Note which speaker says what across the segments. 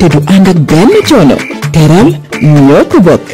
Speaker 1: te du ànd ak benn coono teral ñoo ko bokk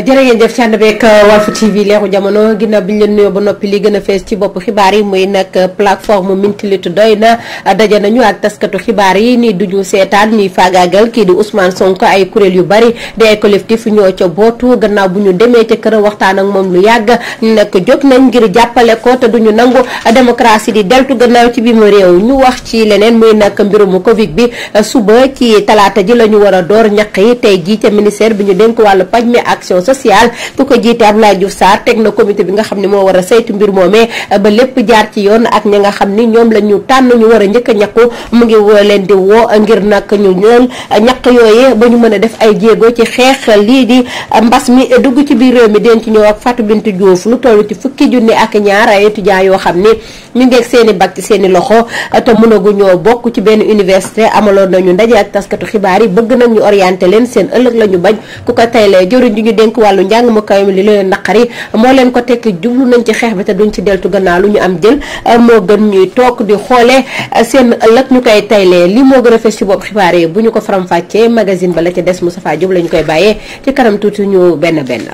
Speaker 1: Euh, jërë ngeen jëf ci ànd beeg euh, Walf TV leeru jamono ginnaaw bi ñu leen ba noppi li gën a fees ci bopp xibaar yi muy nag euh, plateforme mintilit doy na daje nañu ak taskatu xibaar yi nii duñu seetaan ñuy faagaagal kii di Ousmane Sonko ay kuréel yu bari di ay collectif ñoo ca bootu gannaaw bu ñu demee ca kër waxtaan ak moom lu yàgg ñu nag jóg nañ ngir jàppale ko te duñu nangu démocratie di deltu gannaaw ci bi mu réew ñu wax ci leneen muy nag mbirum Covid bi suba ci talaata ji la ñu war a door ñaq yi tey jii ca bi ñu dénk wàllu paj mi action sociale ku ko jiite Abdoulaye Diouf Sarr teg na comité bi nga xam ne moo war a saytu mbir moomee ba lépp jaar ci yoon ak ña nga xam ni ñoom la ñu tànn ñu war a njëkk a ñàkku mu ngi leen di woo ngir nag ñu ñool ñàkk yooyee ba ñu mën a def ay jéego ci xeex lii di mbas mi dugg ci biir réew mi denc ñëw ak Fatou Bintou Diouf lu toll ci fukki junni ak ñaar ay étudiants yoo xam ni ñu ngeeg seen i bac ci seen i loxo te mënaguñoo bokk ci benn université amaloon nañu ndaje ak taskatu xibaar yi bëgg nag ñu orienté leen seen ëllëg la ñu bañ ku ko tey lee jëriñ ju ñu dénk wàllu njàng mu kawe mi li leen naqari moo leen ko tekk jublu nañ ci xeex bi te duñ ci deltu gannaaw lu ñu am jël euh, moo gën ñuy toog di xoolee euh, seen ëllëg ñu koy taylee li moo gën a fes ci bopp xibaar yi bu ñu ko faram-fàccee magazine ba la ca des Moustapha Diop ñu koy bàyyee ci kanam tuuti ñu benn benn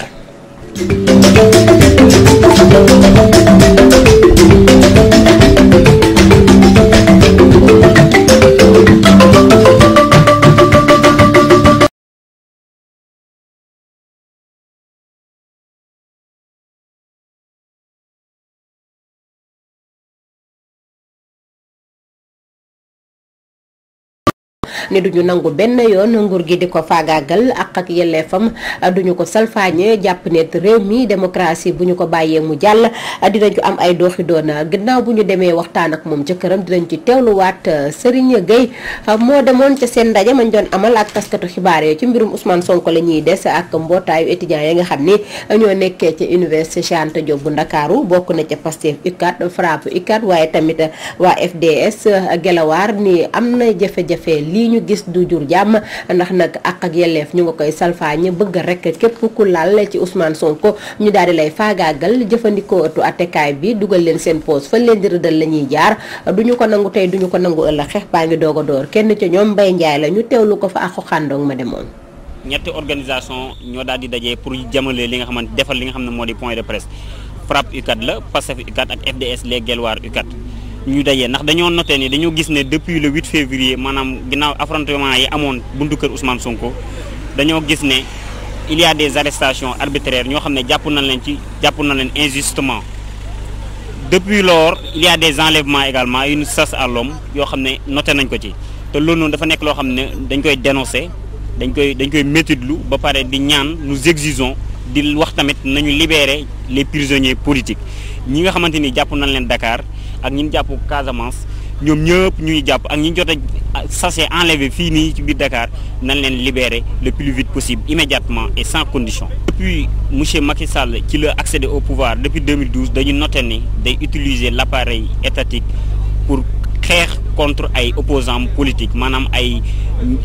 Speaker 1: ne duñu nangu benn yoon nguur gi di ko faagaagal ak ak yelleefam duñu ko salfaañe jàpp ne réew mi démocratie bu ñu ko bàyyee mu jàll dinañu am ay dooxi doona ginnaaw bu ñu demee waxtaan ak moom ca këram dinañ ci teewluwaat euh, Serigne Gueye euh, moo demoon ca seen ndaje mañ doon amal ak taskatu xibaar yooyu ci mbirum Ousmane Sonko la ñuy des ak mbootaayu étudiants ya nga xam ni ñoo nekkee ci université Cheikh Anta bu Ndakaaru bokk na ca Pastef UCAD FRAPP UCAD waaye tamit waa Gelawaar ni am na jafe ñu gis du jur jàmm ndax nag ak ak yelleef ñu nga koy salfaañ bëgg rek képp ku laal ci Ousmane Sonko ñu daal di lay faagaagal jëfandikoo ëttu attekaay bi dugal leen seen poos fa leen di rëddal la ñuy jaar du ñu ko nangu tey du ko nangu ëllëg xeex baa ngi doog kenn ca ñoom Mbaye Ndiaye la ñu teewlu ko fa ak xandoog ma demoon.
Speaker 2: ñetti organisation ñoo daal di daje pour jëmale li nga xamante defal li nga xam ne moo di point de presse FRAPP U4 la PASTEF ñu dajee ndax dañoo noté nii dañoo gis ne depuis le 8 février maanaam ginnaaw affrontement yi amoon buntu kër Ousmane Sonko dañoo gis ne il des arrestations arbitraires ñoo xam ne jàpp nañ leen ci jàpp na leen injustement depuis lors il a des enlèvements également une chasse à l'homme yoo xam ne note nañ ko ci te loolu noonu dafa nekk loo xam ne dañ koy dénoncer dañ koy dañ koy métitlu ba pare di ñaan nous exigeons di wax tamit nañu libere les prisonniers politiques ñi nga xamante ni jàpp nañ leen Dakar ak ñi jàpp Casamance ñoom ñëpp ñuy jàpp ak ñi ñu jot a sachet enlevé fii nii ci biir Dakar nañ leen libérer le plus vite possible immédiatement et sans condition. depuis monsieur Macky Sall ci la accédé au pouvoir depuis 2012 dañu noté ni day utiliser l' appareil étatique pour xeex. contre ay opposants politique maanaam ay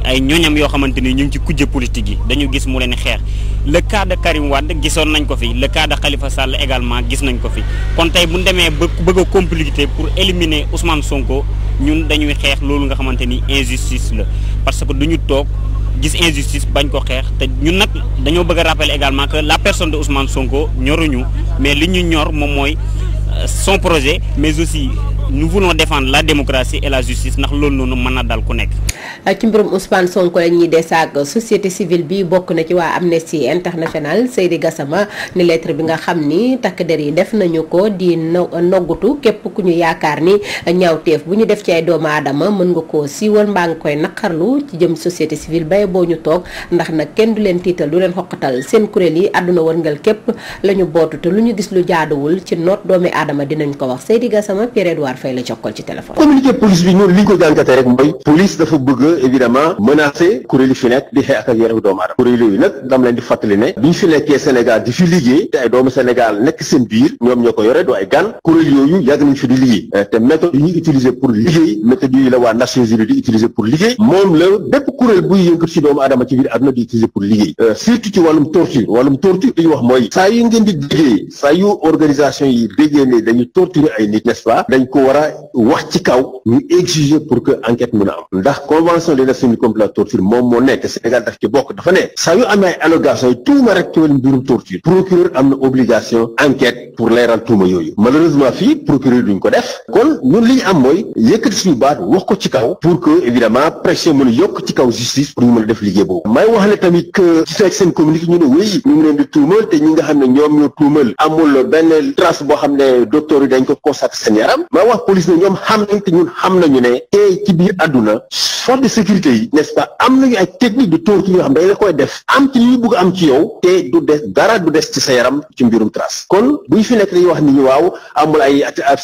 Speaker 2: ay ñoñam yoo xamante ni ñu ngi ci kujje politique yi dañu gis mu leen xeex le cas de Karim Wade gisoon nañ ko fi le cas de Khalifa également gis nañ ko fi kon tey bu ñu demee ba bëgg a pour éliminer Ousmane Sonko ñun dañuy xeex loolu nga xamante ni injustice la parce que ñu toog gis injustice bañ ko xeex te ñun nag dañoo bëgg a rappeler également que la personne de Ousmane Sonko ñoruñu mais li ñu ñor moom mooy euh, son projet mais aussi nous voulons défendre la démocratie et la justice ndax loolu noonu mën na dal ku nekk.
Speaker 1: Euh, ci mbirum Ousmane Sonko la ñuy des ak société civile bi bokk na ci waa Amnesty International Seydi gasama ni lettre bi nga xam ni takk der yi def nañu ko di noggutu képp ku ñu yaakaar ni ñaawteef bu ñu def ci ay doomu aadama mën nga koo siiwal mbaa nga koy naqarlu ci jëm société civile bay boo ñu toog ndax nag kenn du leen tiital du leen xoqatal seen kuréel yi àdduna wërngal képp la ñu bootu lu ñu gis lu jaaduwul ci noot doomi aadama dinañ ko wax Seydi Gassama Pierre Edouard dafay la jokkal ci téléphone.
Speaker 3: communiqué police bi ñun li ñu ko jàngatee rek mooy police dafa bëgg évidemment menacer kuréel yi fi nekk di xeex ak yaramu doomu doomu Sénégal nekk seen biir ñoom ñoo ko yore du ay gan kuréel yooyu yàgg nañ fi di liggéey eh, te méthode yi ñu utiliser pour liggéey méthode yi la waa Nations Unies di utiliser pour liggéey moom la bépp kuréel buy yëngatu ci doomu aadama ci biir àdduna di utiliser pour liggéey eh, surtout ci wàllum torture wàllum torture li wax mooy war a wax ci kaw ñu exiger pour que enquête mun a am ndax convention des nations unies contre la torture moom moo nekk Sénégal daf ci bokk dafa ne saa yu amee ay allégations yi tuuma rek tuuma yooyu malheureusement fii procureur duñ ko def kon ñun li am mooy yëkkati suñu baat wax ko ci kaw pour que évidemment pression mën yokk ci kaw justice pour ñu mën a def liggéey boobu may wax ne tamit que ci ak seen communiqué ñu ne wéy ñu ngi leen di tuumal te ñi nga xam ne ñoom police ne ñoom xam nañ te ñun xam nañu ne tey ci biir àdduna force de sécurité yi n'est-ce pas am nañu ay technique de torture yoo xam dañ li ñu bëgg am ci yow te du des dara du des ci sa yaram ci mbirum trace kon buñ fi nekk dañuy wax waaw amul ay ab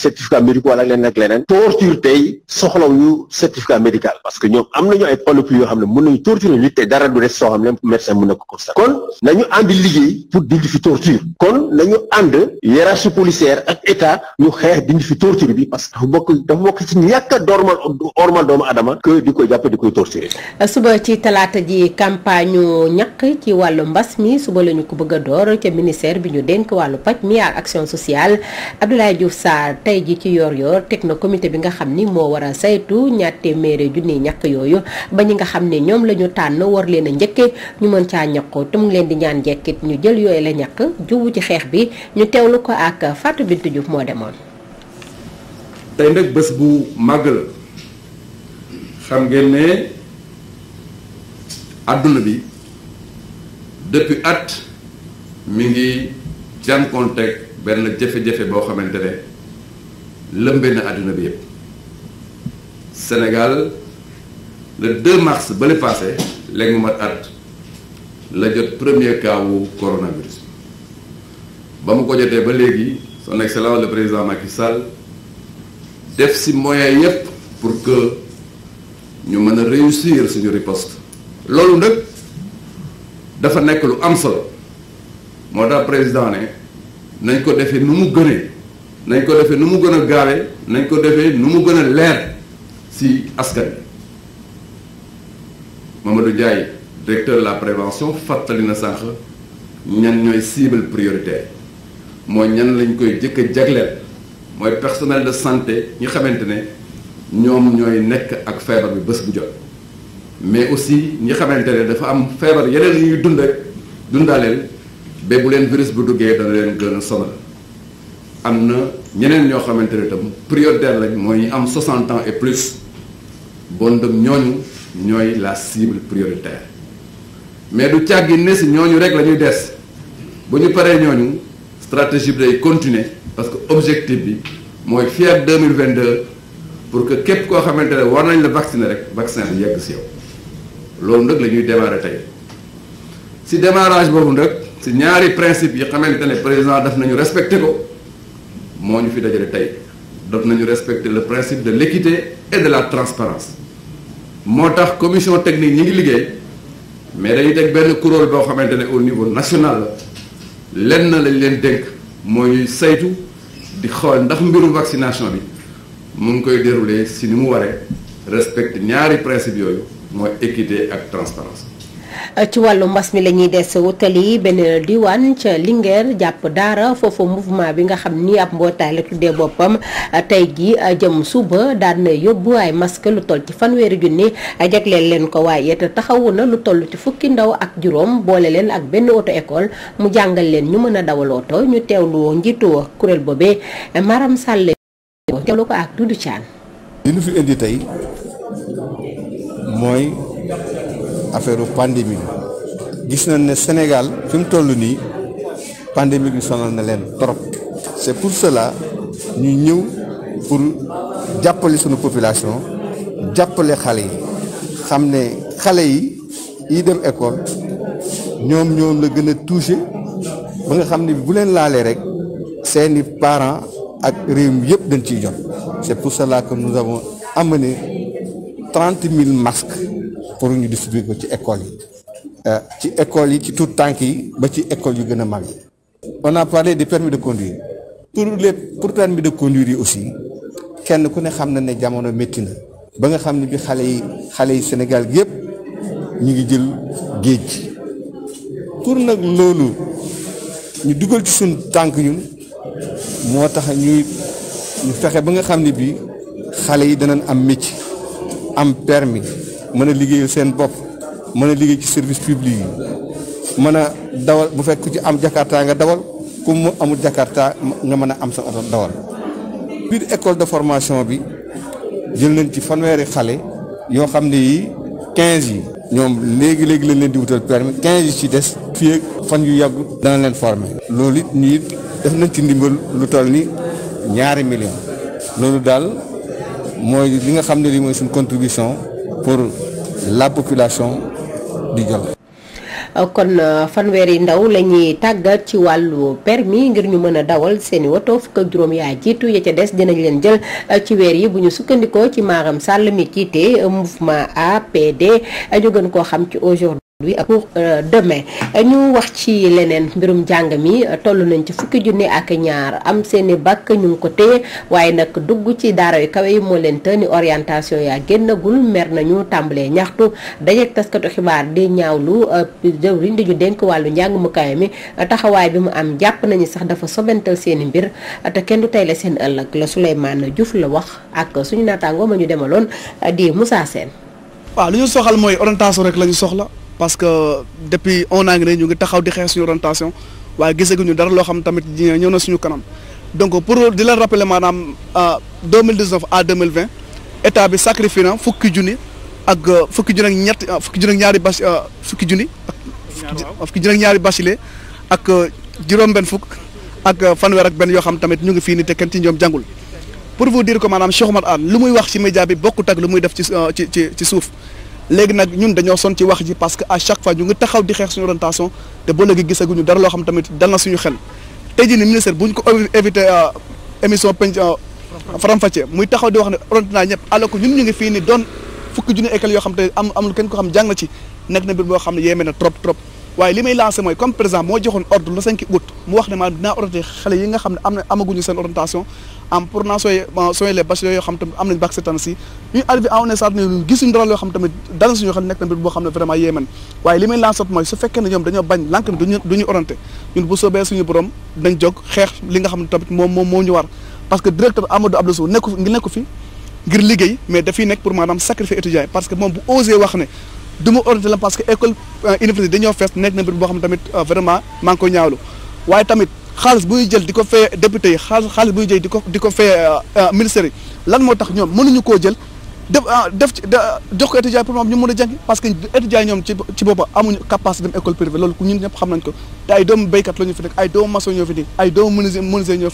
Speaker 3: médical parce que ñoom am nañu ay panoplie yoo xam ne mën nañu torturer nit dara du des soo xam ne médecin mën na ko constater kon nañu ànd liggéey pour dindi fi torture kon nañu ànd hiérarchie policière ak état ñu xeex dindi fi torture bi dafa bokk dafa bokk ci ñàkk a dormal ormal doomu adama que di ko jàpp di
Speaker 1: suba ci talaata ji campagne ñàkk ci wàllu mbas mi suba lañu ko bëgg a door ca ministère bi ñu dénk wàllu paj mi ak action sociale Abdoulaye Diouf saa tey ji ci yoor yor teg na comité bi nga xam ni moo war a saytu ñaar téeméeri junni ñaq yooyu ba ñi nga xam ne ñoom la ñu tànn war leen a njëkkee ñu mën caa ñàkkoo te mu leen di ñaan njëkkit ñu jël yooyu la ñàkk jubu ci xeex bi ñu teewlu ko ak Fatou Bintou Diouf moo demoon.
Speaker 4: tey nag bés bu màgg la xam ngeen ne àdduna bi depuis at mi ngi jànkoonteeg benn jafe-jafe boo xamante ne lëmbee na àdduna bi yépp Sénégal le 2 mars ba li passé at la jot premier cas wu coronavirus ba mu ko jotee ba léegi son excellence le président Macky Sall. def si moyen yépp pour que ñu mën a réussir suñu riposte loolu nag dafa nekk lu am solo moo tax président ne nañ ko defee nu mu gënee nañ ko defee nu mu gën a gaawee nañ ko defee nu mu gën a leer si askan bi a Ndiaye directeur de la prévention fàttali na sànq ñan ñooy cible prioritaire mooy ñan lañ koy jëkk a mooy personnel de santé ñi xamante ne ñoom ñooy nekk ak feebar bi bés bu jot mais aussi ñi xamante ne dafa am feebar yeneen yu dund ak dundaaleel ba bu leen virus bu duggee dana leen gën a sonal am na ñeneen ñoo xamante ne tam prioritaire lañ mooy ñu am 60 ans et plus bon dem ñooñu ñooy la cible prioritaire mais du càggi ne si ñooñu rek la ñuy des bu ñu paree ñooñu stratégie bi day continuer parce que objectif bi mooy fii ak deux mille vingt deux pour que képp koo xamante ne war nañ la vacciner rek vaccin bi yegg si yow loolu nag lañuy ñuy démarrer si démarrage boobu nag si ñaari principe yi xamante ne président daf nañu respecté ko moo ñu fi dajale tey daf nañu respecter le principe de l'équité et de la transparence moo tax commission technique ñi ngi liggéey mais dañuy teg benn kuréel boo xamante ne au niveau national la na lañ leen dénk mooy saytu. di xool ndax mbirum vaccination bi mu ngi koy dérouler si ni mu waree respecte ñaari principe yooyu mooy équité ak
Speaker 2: transparence
Speaker 1: ci wàllu mbas mi la ñuy des wutali benn diwaan ca Linguère jàpp daara foofu mouvement bi nga xam ni ab mbootaay la tuddee boppam tey gi jëm suba daan na yóbbu ay masque lu toll ci fanweeri junni jagleel leen ko waaye te taxawu na lu toll ci fukki ndaw ak juróom boole leen ak benn auto ekool mu jàngal leen ñu mën a dawal oto ñu teewlu njiitu kuréel boobee Maram Sall teewlu ko ak Dudu Thian.
Speaker 5: li ñu fi indi tey affaire pandémie bi gis nañ ne Sénégal fi mu toll nii pandémie bi sonal na leen trop c'est pour cela ñuy ñëw pour jàppale suñu population jàppale xale yi xam ne xale yi yi dem école ñoom ñoom la gën a touché ba nga xam ne bu leen laalee rek seeni parent ak réew mi yëpp dañ ciy jot c'est pour cela que nous avons amené trente mille masques pour ñu distribuer ko ci école yi euh, ci école yi ci tout tànk yi ba ci école yu gën a mag yi on a parlé du permis de conduire pour les pour permis de conduire yi aussi kenn ku ne xam na ne jamono métti na ba nga xam ne bi xale yi xale yi Sénégal yëpp ñu ngi jël géej pour nag loolu ñu dugal ci suñu tànk yu moo tax ñuy ñu fexe ba nga xam ne bi xale yi danañ am métier am permis mën a liggéey seen bopp mën a liggéey ci service public
Speaker 4: yi
Speaker 5: mën a dawal bu fekk ci am jakarta nga dawal ku mu amul jakarta nga mën a am sa oto dawal. biir école de formation bi jël nañ ci fanweeri xale yoo xam ne yi 15 yi. ñoom léegi léegi lañ leen di wutal permis 15 yi ci des. fii fan yu yàgg dana leen former. loolu it ñu def nañ ci ndimbal lu toll ni ñaari million loolu daal mooy li nga xam ne lii mooy suñu contribution. pour la population du Djolof.
Speaker 1: kon euh, fanweeri ndaw la ñuy tàggat ci wàllu permis ngir ñu mën a dawal seeni woto fukk ak juróom yaa jiitu ya ca des dinañ leen jël euh, ci weer yi bu ñu sukkandikoo ci maaram sàll mi jiite euh, mouvement APD ñu gën koo xam ci aujourd'hui pour euh, demain ñu wax ci leneen mbirum jàng mi toll nañ ci fukki junni ak ñaar am seeni bàkk ñu ngi ko téye waaye nag dugg ci daara yu kawe yi moo leen tëni orientation yaa génnagul mer nañu tàmbalee ñaxtu dajeek taskatu xibaar di ñaawlu euh, jëwriñ di ñu dénk wàllu njàng mu kawe mi taxawaay bi mu am jàpp nañu sax dafa sobental seeni mbir te kenn du tey la seen ëllëg la Souleymane Diouf la wax ak suñu naataangoo ma ñu demaloon di Moussa Sène
Speaker 6: waaw li soxal mooy parce que depuis un an ñu ngi taxaw di xeex suñu orientation waaye ñu dara loo xam tamit ñëw na suñu kanam donc pour di leen rappeler maanaam euh, à 2019 à 2020 état bi sacrifié na fukki junni ak euh, fukki junni ak ñett fukki junni ñaari bas fukki junni. ak fukki junni ak ñaari bachelier euh, ak juróom-benn fukk ak fan fanweer ak benn yoo xam tamit ñu ngi fii nii te kenn ci ñoom jàngul. pour vous dire que maanaam Cheikh Oumar Anne lu muy wax ci média bi bokkut ak lu muy def ci ci ci suuf. léegi nag ñun dañoo son ci wax ji parce que à chaque fois ñu ngi taxaw di xeex suñu orientation te ba léegi gisaguñu dara loo xam tamit dal na suñu xel tey jii ni ministère bu ñu ko éviter euh, émission penc euh, faram muy taxaw di wax ne orienté naa ñëpp alors que ñun ñu ngi fii ni doon fukki junni école yoo xam te am amul kenn ko xam jàng na ci nekk na mbir boo xam ne yéeme na trop trop waaye li may lancé mooy comme président moo joxoon ordre le 5 août mu wax ne maa dinaa orienté xale yi nga xam ne am na amaguñu orientation am pour naa sooy sooy les bacheliers yoo xam tamit am ne suñu xam nekk na mbir boo xam ne vraiment yéemen waaye li may lancé mooy su fekkee ne ñoom dañoo bañ lànk ne duñu duñu ñun bu soobee suñu borom dañ jóg xeex li xam ne tamit moom moom moo ñu war parce que directeur Amadou Abdou Sow nekku ngi nekk que moom bu osé wax du ma orienté la parce que école euh, université dañoo fees nekk na mbir boo xam ne tamit euh, vraiment maa ngi koy waaye tamit xaalis buy jël di ko fay député yi xaalis xaalis buy jël di ko di ko fay euh, ministère yi lan moo tax ñoom mënuñu koo jël def def jox ko étudiant pour moom ñu mën a jàng parce que étudiant ñoom ci ci boppam amuñu capacité dem école privée loolu ku ñun ñëpp xam nañ ko te ay doomu béykat la ñu fi nekk ay doomu maçon ñoo fi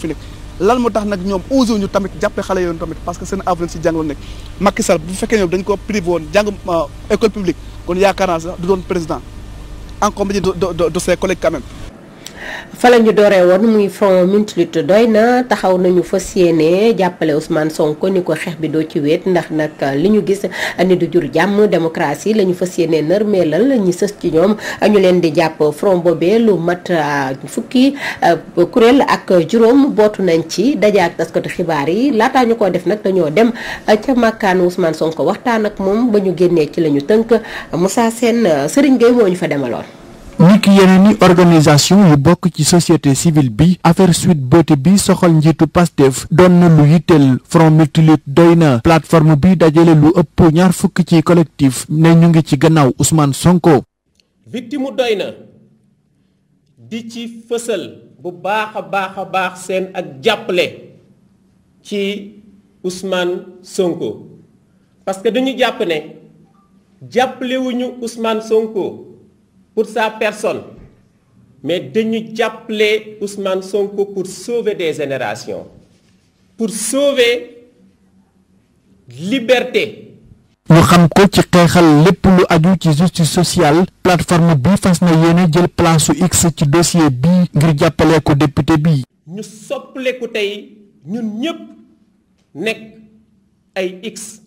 Speaker 6: nekk lan moo tax nag ñoom aujour ñu tamit jàppe xale yoon tamit parce que seen avenir si jàng la nekk Macky kon yaakaar naa sax du doon président en compagnie de de de ses collègues quand même.
Speaker 1: fala ñu dooree woon muy front Minutes Lutte doy na taxaw nañu fas yéene jàppale Ousmane Sonko ni ko xeex bi doo ci wéet ndax nag li ñu gis ni du jur jàmm démocratie la ñu fas yéene nërmeelal ñi sës ci ñoom ñu leen di jàpp front boobee lu mat euh, fukki euh, kuréel ak juróom bootu nañ ci dajaat taskatu xibaar yi laataa ñu ko def nag dañoo dem euh, ca màkkaanu Ousmane sonk waxtaan ak moom ba ñu génnee ci la ñu tënk Moussa Sène Serigne Gueye moo ñu fa demaloon.
Speaker 3: ni ki yeneen i organisation yu bokk ci société civile bi affaire Sweet Beauté bi soxal njiitu Pastef doon na lu yitteel front multilutte doy na plateforme bi dajale lu ëpp ñaar fukk ci collectif ne ñu ngi ci gannaaw Ousmane Sonko. victime doy na di ci fësal bu baax a baax a baax seen ak jàppale ci usmaan Sonko parce que dañu jàpp ne jàppalewuñu Ousmane Sonko. pour sa personne mais dañu jàppale Ousmane Sonko pour sauver des génération pour sauver liberté. ñu xam ko ci xeexal lépp lu aju ci justice sociale plateforme bi fas na yéene jël plan su x ci dossier bi ngir jàppale ko député bi. ñu soppaleku tey ñun ñëpp nekk
Speaker 5: ay x.